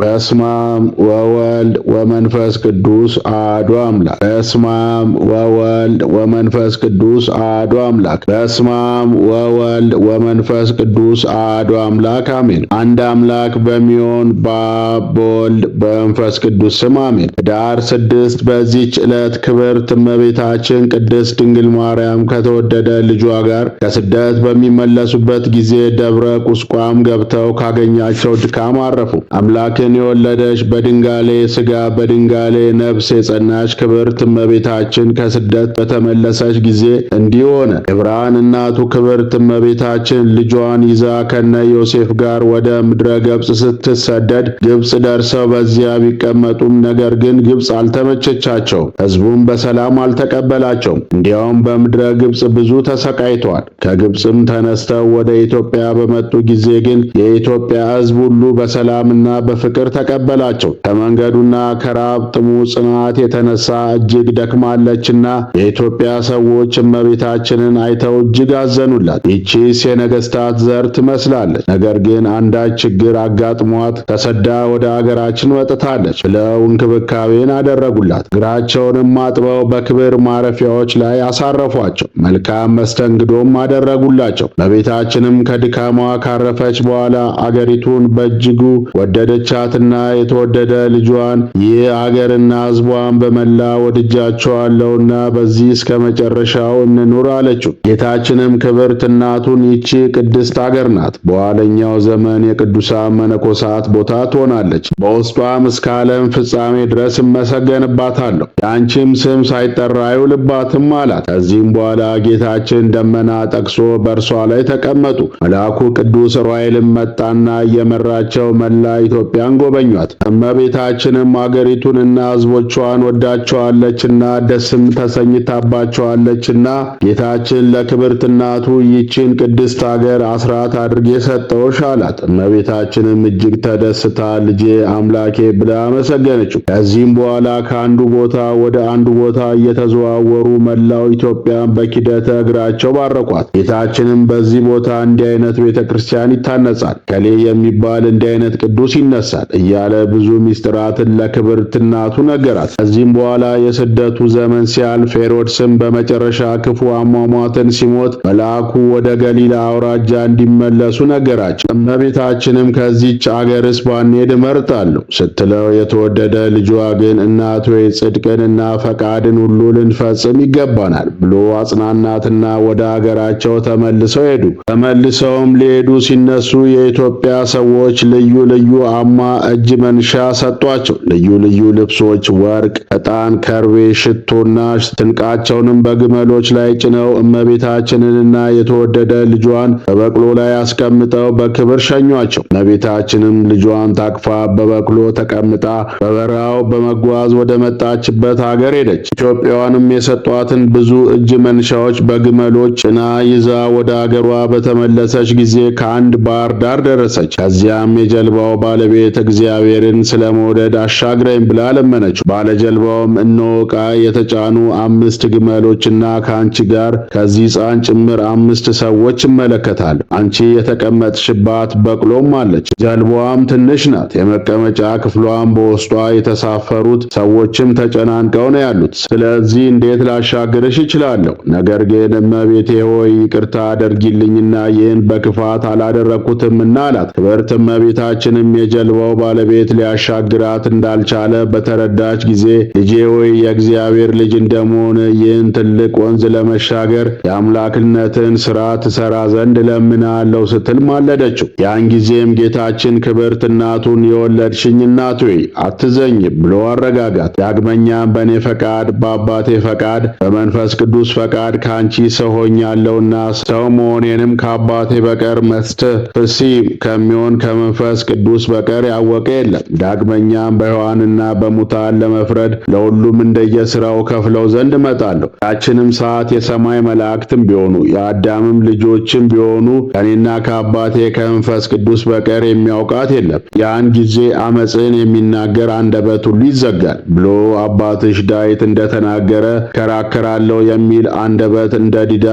በስማም ወወልድ ወመንፈስ ቅዱስ አሐዱ አምላክ። በስማም ወወልድ ወመንፈስ ቅዱስ አሐዱ አምላክ። በስማም ወወልድ ወመንፈስ ቅዱስ አዶ አምላክ በስማም ወወልድ ወመንፈስ ቅዱስ አዶ አምላክ በስማም ወወልድ ወመንፈስ ቅዱስ አዶ አምላክ አሜን አንድ አምላክ በሚሆን በአብ በወልድ በመንፈስ ቅዱስ ስም አሜን። ኅዳር ስድስት በዚህ ዕለት ክብርት እመቤታችን ቅድስት ድንግል ማርያም ከተወደደ ልጇ ጋር ከስደት በሚመለሱበት ጊዜ ደብረ ቁስቋም ገብተው ካገኛቸው ድካም አረፉ። አምላክ አምላክን የወለደች በድንጋሌ ስጋ በድንጋሌ ነፍስ የጸናች ክብርት እመቤታችን ከስደት በተመለሰች ጊዜ እንዲህ ሆነ። የብርሃን እናቱ ክብርት እመቤታችን ልጇን ይዛ ከነ ዮሴፍ ጋር ወደ ምድረ ግብፅ ስትሰደድ ግብፅ ደርሰው በዚያ ቢቀመጡም ነገር ግን ግብፅ አልተመቸቻቸው፣ ሕዝቡም በሰላም አልተቀበላቸውም። እንዲያውም በምድረ ግብፅ ብዙ ተሰቃይቷል። ከግብፅም ተነስተው ወደ ኢትዮጵያ በመጡ ጊዜ ግን የኢትዮጵያ ህዝብ ሁሉ በሰላምና በፍ ፍቅር ተቀበላቸው። ከመንገዱና ከራብጥሙ ጥሙ ጽናት የተነሳ እጅግ ደክማለችና የኢትዮጵያ ሰዎች እመቤታችንን አይተው እጅግ አዘኑላት። ይቺስ የነገስታት ዘር ትመስላለች፣ ነገር ግን አንዳች ችግር አጋጥሟት ተሰዳ ወደ አገራችን ወጥታለች ብለው እንክብካቤን አደረጉላት። እግራቸውንም አጥበው በክብር ማረፊያዎች ላይ አሳረፏቸው። መልካም መስተንግዶም አደረጉላቸው። እመቤታችንም ከድካሟ ካረፈች በኋላ አገሪቱን በእጅጉ ወደደቻ የጠራትና የተወደደ ልጇን ይህ አገርና ሕዝቧን በመላ ወድጃቸዋለሁና በዚህ እስከ መጨረሻው እንኑር አለችው። ጌታችንም ክብርት እናቱን ይቺ ቅድስት አገር ናት፣ በኋለኛው ዘመን የቅዱሳን መነኮሳት ቦታ ትሆናለች፣ በውስጧም እስከ ዓለም ፍጻሜ ድረስ እመሰገንባታለሁ፣ የአንቺም ስም ሳይጠራ አይውልባትም አላት። ከዚህም በኋላ ጌታችን ደመና ጠቅሶ በእርሷ ላይ ተቀመጡ። መልአኩ ቅዱስ ዑራኤልም መጣና እየመራቸው መላ ኢትዮጵያን አገሪቷን ጎበኟት። እመቤታችንም አገሪቱንና እና ሕዝቦቿን ወዳቸዋለችና ደስም ተሰኝታባቸዋለችና ጌታችን ለክብርት እናቱ ይችን ቅድስት አገር አስራት አድርጌ ሰጠውሽ አላት። እመቤታችንም እጅግ ተደስታ ልጄ አምላኬ ብላ አመሰገነችው። ከዚህም በኋላ ከአንዱ ቦታ ወደ አንዱ ቦታ እየተዘዋወሩ መላው ኢትዮጵያን በኪደተ እግራቸው ባረኳት። ጌታችንም በዚህ ቦታ እንዲህ አይነት ቤተ ክርስቲያን ይታነጻል፣ ከሌ የሚባል እንዲህ አይነት ቅዱስ ይነሳል ይመስላል እያለ ብዙ ሚስጥራትን ለክብርት እናቱ ነገራት። ከዚህም በኋላ የስደቱ ዘመን ሲያልፍ ሄሮድስም በመጨረሻ ክፉ አሟሟትን ሲሞት መልአኩ ወደ ገሊላ አውራጃ እንዲመለሱ ነገራቸው። እመቤታችንም ከዚች አገርስ ባንሄድ እመርጣለሁ ስትለው የተወደደ ልጇ ግን እናት ሆይ ጽድቅንና ፈቃድን ሁሉ ልንፈጽም ይገባናል ብሎ አጽናናትና ወደ አገራቸው ተመልሰው ሄዱ። ተመልሰውም ሊሄዱ ሲነሱ የኢትዮጵያ ሰዎች ልዩ ልዩ አማ እጅ መንሻ ሰጧቸው። ልዩ ልዩ ልብሶች፣ ወርቅ፣ ዕጣን፣ ከርቤ፣ ሽቶና ትንቃቸውንም በግመሎች ላይ ጭነው እመቤታችንንና የተወደደ ልጇን በበቅሎ ላይ አስቀምጠው በክብር ሸኟቸው። እመቤታችንም ልጇን ታቅፋ በበቅሎ ተቀምጣ በበረሃው በመጓዝ ወደ መጣችበት ሀገር ሄደች። ኢትዮጵያዋንም የሰጧትን ብዙ እጅ መንሻዎች በግመሎች ጭና ይዛ ወደ አገሯ በተመለሰች ጊዜ ከአንድ ባህር ዳር ደረሰች። ከዚያም የጀልባው ባለቤት እግዚአብሔርን ስለ መውደድ አሻግረኝ ብላ ለመነችው። ባለጀልባውም እነሆ ዕቃ የተጫኑ አምስት ግመሎችና ከአንቺ ጋር ከዚህ ሕፃን ጭምር አምስት ሰዎች ይመለከታል። አንቺ የተቀመጥሽባት በቅሎም አለች። ጀልባዋም ትንሽ ናት። የመቀመጫ ክፍሏም በውስጧ የተሳፈሩት ሰዎችም ተጨናንቀው ነው ያሉት። ስለዚህ እንዴት ላሻግርሽ እችላለሁ? ነገር ግን እመቤቴ ሆይ ይቅርታ አደርጊልኝና ይህን በክፋት አላደረግኩትምና አላት። ክብርት እመቤታችንም የጀልባው የእርሻው ባለቤት ሊያሻግራት እንዳልቻለ በተረዳች ጊዜ ልጄ ሆይ የእግዚአብሔር ልጅ እንደመሆን ይህን ትልቅ ወንዝ ለመሻገር የአምላክነትን ሥራ ትሠራ ዘንድ እለምንሃለሁ ስትል ማለደችው። ያን ጊዜም ጌታችን ክብርት እናቱን የወለድሽኝ እናቱ ሆይ አትዘኝ ብሎ አረጋጋት። ዳግመኛም በእኔ ፈቃድ፣ በአባቴ ፈቃድ፣ በመንፈስ ቅዱስ ፈቃድ ከአንቺ ሰው ሆኛለሁና ሰው መሆኔንም ከአባቴ በቀር መስትህ ፍሲ ከሚሆን ከመንፈስ ቅዱስ በቀር ያወቀ የለም። ዳግመኛም በሕያዋንና በሙታን ለመፍረድ ለሁሉም እንደየሥራው ከፍለው ዘንድ እመጣለሁ። ያችንም ሰዓት የሰማይ መላእክትም ቢሆኑ የአዳምም ልጆችም ቢሆኑ ከእኔና ከአባቴ ከመንፈስ ቅዱስ በቀር የሚያውቃት የለም። ያን ጊዜ አመፅን የሚናገር አንደበት ሁሉ ይዘጋል ብሎ አባትሽ ዳዊት እንደተናገረ ከራከራለሁ የሚል አንደበት እንደ ዲዳ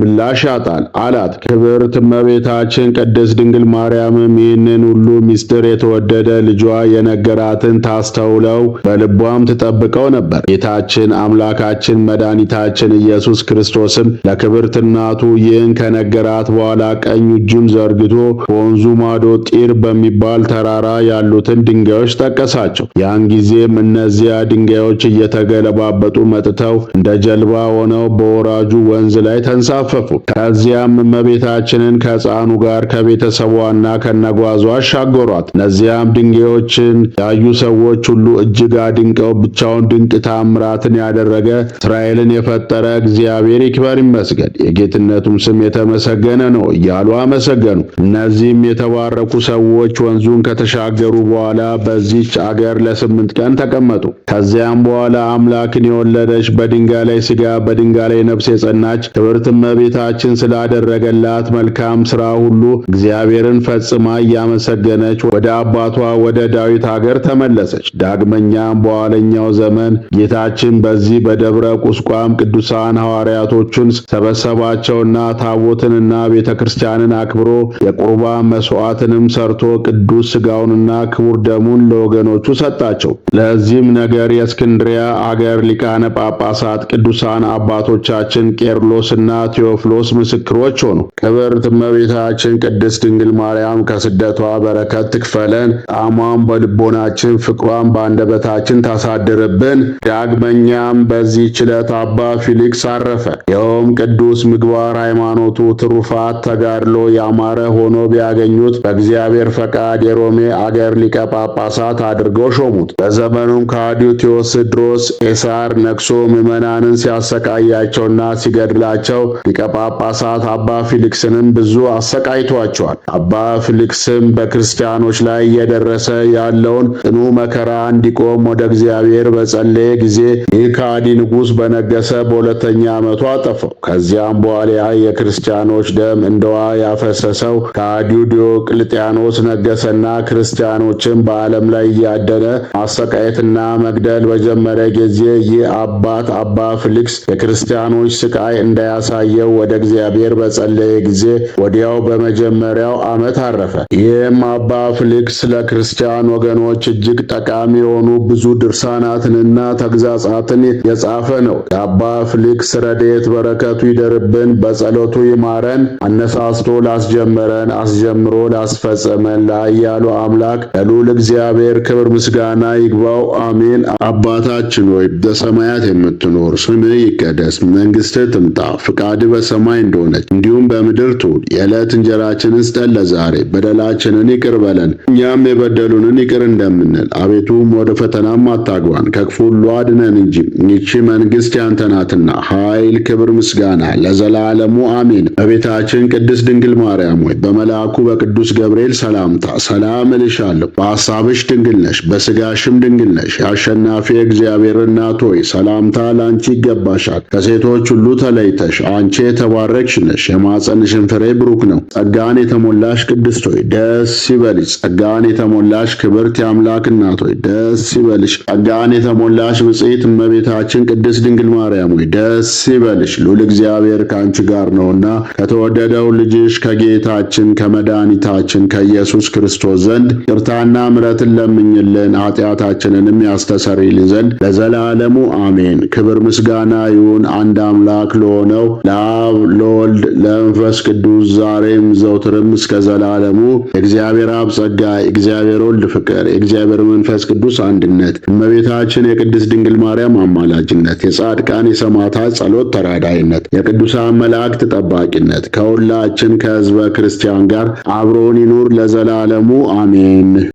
ምላሽ ያጣል አላት። ክብርት እመቤታችን ቅድስት ድንግል ማርያምም ይህንን ሁሉ ምስጢር እንደወደደ ልጇ የነገራትን ታስተውለው በልቧም ትጠብቀው ነበር። ጌታችን አምላካችን መድኃኒታችን ኢየሱስ ክርስቶስም ለክብርት እናቱ ይህን ከነገራት በኋላ ቀኝ እጁን ዘርግቶ በወንዙ ማዶ ጢር በሚባል ተራራ ያሉትን ድንጋዮች ጠቀሳቸው። ያን ጊዜም እነዚያ ድንጋዮች እየተገለባበጡ መጥተው እንደ ጀልባ ሆነው በወራጁ ወንዝ ላይ ተንሳፈፉ። ከዚያም እመቤታችንን ከሕፃኑ ጋር ከቤተሰቧና ከነጓዟ አሻገሯት። ከዚያም ድንጋዮችን ያዩ ሰዎች ሁሉ እጅግ አድንቀው ብቻውን ድንቅ ታምራትን ያደረገ እስራኤልን የፈጠረ እግዚአብሔር ይክበር ይመስገን፣ የጌትነቱም ስም የተመሰገነ ነው እያሉ አመሰገኑ። እነዚህም የተባረኩ ሰዎች ወንዙን ከተሻገሩ በኋላ በዚች አገር ለስምንት ቀን ተቀመጡ። ከዚያም በኋላ አምላክን የወለደች በድንጋይ ላይ ስጋ በድንጋይ ላይ ነፍስ የጸናች ክብርት እመቤታችን ስላደረገላት መልካም ሥራ ሁሉ እግዚአብሔርን ፈጽማ እያመሰገነች ወደ አባቷ ወደ ዳዊት አገር ተመለሰች። ዳግመኛም በኋለኛው ዘመን ጌታችን በዚህ በደብረ ቁስቋም ቅዱሳን ሐዋርያቶቹን ሰበሰባቸውና ታቦትንና ቤተ ክርስቲያንን አክብሮ የቁርባን መስዋዕትንም ሰርቶ ቅዱስ ሥጋውንና ክቡር ደሙን ለወገኖቹ ሰጣቸው። ለዚህም ነገር የእስክንድሪያ አገር ሊቃነ ጳጳሳት ቅዱሳን አባቶቻችን ቄርሎስና ቴዎፍሎስ ምስክሮች ሆኑ። ክብርት እመቤታችን ቅድስት ድንግል ማርያም ከስደቷ በረከት ትክፈለ ሰጠን። ጣዕሟን በልቦናችን ፍቅሯን በአንደበታችን ታሳድርብን። ዳግመኛም በዚህ ችለት አባ ፊሊክስ አረፈ። ይኸውም ቅዱስ ምግባር ሃይማኖቱ ትሩፋት ተጋድሎ ያማረ ሆኖ ቢያገኙት በእግዚአብሔር ፈቃድ የሮሜ አገር ሊቀ ጳጳሳት አድርገው ሾሙት። በዘመኑም ከሃዲው ቴዎስድሮስ ኤሳር ነግሶ ምዕመናንን ሲያሰቃያቸውና ሲገድላቸው ሊቀ ጳጳሳት አባ ፊሊክስንም ብዙ አሰቃይቷቸዋል። አባ ፊሊክስም በክርስቲያኖች ላይ እየደረሰ ያለውን ጽኑ መከራ እንዲቆም ወደ እግዚአብሔር በጸለየ ጊዜ ይህ ከሃዲ ንጉሥ በነገሰ በሁለተኛ ዓመቱ አጠፋው። ከዚያም በኋላ የክርስቲያኖች ደም እንደዋ ያፈሰሰው ከሃዲው ዲዮቅልጥያኖስ ነገሰና ክርስቲያኖችን በዓለም ላይ እያደነ ማሰቃየትና መግደል በጀመረ ጊዜ ይህ አባት አባ ፊሊክስ የክርስቲያኖች ስቃይ እንዳያሳየው ወደ እግዚአብሔር በጸለየ ጊዜ ወዲያው በመጀመሪያው ዓመት አረፈ። ይህም አባ ፊሊክስ ስለ ክርስቲያን ወገኖች እጅግ ጠቃሚ የሆኑ ብዙ ድርሳናትንና ተግዛጻትን የጻፈ ነው። የአባ ፍሊክስ ረድኤት በረከቱ ይደርብን፣ በጸሎቱ ይማረን። አነሳስቶ ላስጀመረን አስጀምሮ ላስፈጸመን ለኃያሉ አምላክ ለልዑል እግዚአብሔር ክብር ምስጋና ይግባው፣ አሜን። አባታችን ሆይ በሰማያት የምትኖር ስምህ ይቀደስ፣ መንግስት ትምጣ፣ ፍቃድህ በሰማይ እንደሆነች እንዲሁም በምድር ትሁን። የዕለት እንጀራችንን ስጠን ለዛሬ፣ በደላችንን ይቅር በለን እኛ እኛም የበደሉንን ይቅር እንደምንል አቤቱም ወደ ፈተናም አታግባን ከክፉ ሁሉ አድነን እንጂ ይቺ መንግሥት ያንተ ናትና ኃይል፣ ክብር፣ ምስጋና ለዘላለሙ አሜን። በቤታችን ቅድስት ድንግል ማርያም ሆይ በመልአኩ በቅዱስ ገብርኤል ሰላምታ ሰላም እልሻለሁ። በሐሳብሽ ድንግል ነሽ፣ በሥጋሽም ድንግል ነሽ። የአሸናፊ እግዚአብሔር እናት ሆይ ሰላምታ ለአንቺ ይገባሻል። ከሴቶች ሁሉ ተለይተሽ አንቺ የተባረክሽ ነሽ፣ የማፀንሽን ፍሬ ብሩክ ነው። ጸጋን የተሞላሽ ቅድስት ሆይ ደስ ይበልሽ ጸጋ ጸጋን የተሞላሽ ክብርት የአምላክ እናት ሆይ ደስ ይበልሽ። ጸጋን የተሞላሽ ብጽዕት እመቤታችን ቅድስት ድንግል ማርያም ሆይ ደስ ይበልሽ። ልዑል እግዚአብሔር ከአንቺ ጋር ነውና ከተወደደው ልጅሽ ከጌታችን ከመድኃኒታችን ከኢየሱስ ክርስቶስ ዘንድ ቅርታና ምረትን ለምኝልን ኃጢአታችንንም ያስተሰርይልን ዘንድ ለዘላለሙ አሜን። ክብር ምስጋና ይሁን አንድ አምላክ ለሆነው ለአብ ለወልድ ለመንፈስ ቅዱስ ዛሬም ዘውትርም እስከ ዘላለሙ የእግዚአብሔር አብ ጸጋ የእግዚአብሔር ወልድ ፍቅር፣ የእግዚአብሔር መንፈስ ቅዱስ አንድነት፣ እመቤታችን የቅድስት ድንግል ማርያም አማላጅነት፣ የጻድቃን የሰማዕታት ጸሎት ተራዳይነት፣ የቅዱሳን መላእክት ጠባቂነት ከሁላችን ከህዝበ ክርስቲያን ጋር አብሮን ይኑር ለዘላለሙ አሜን።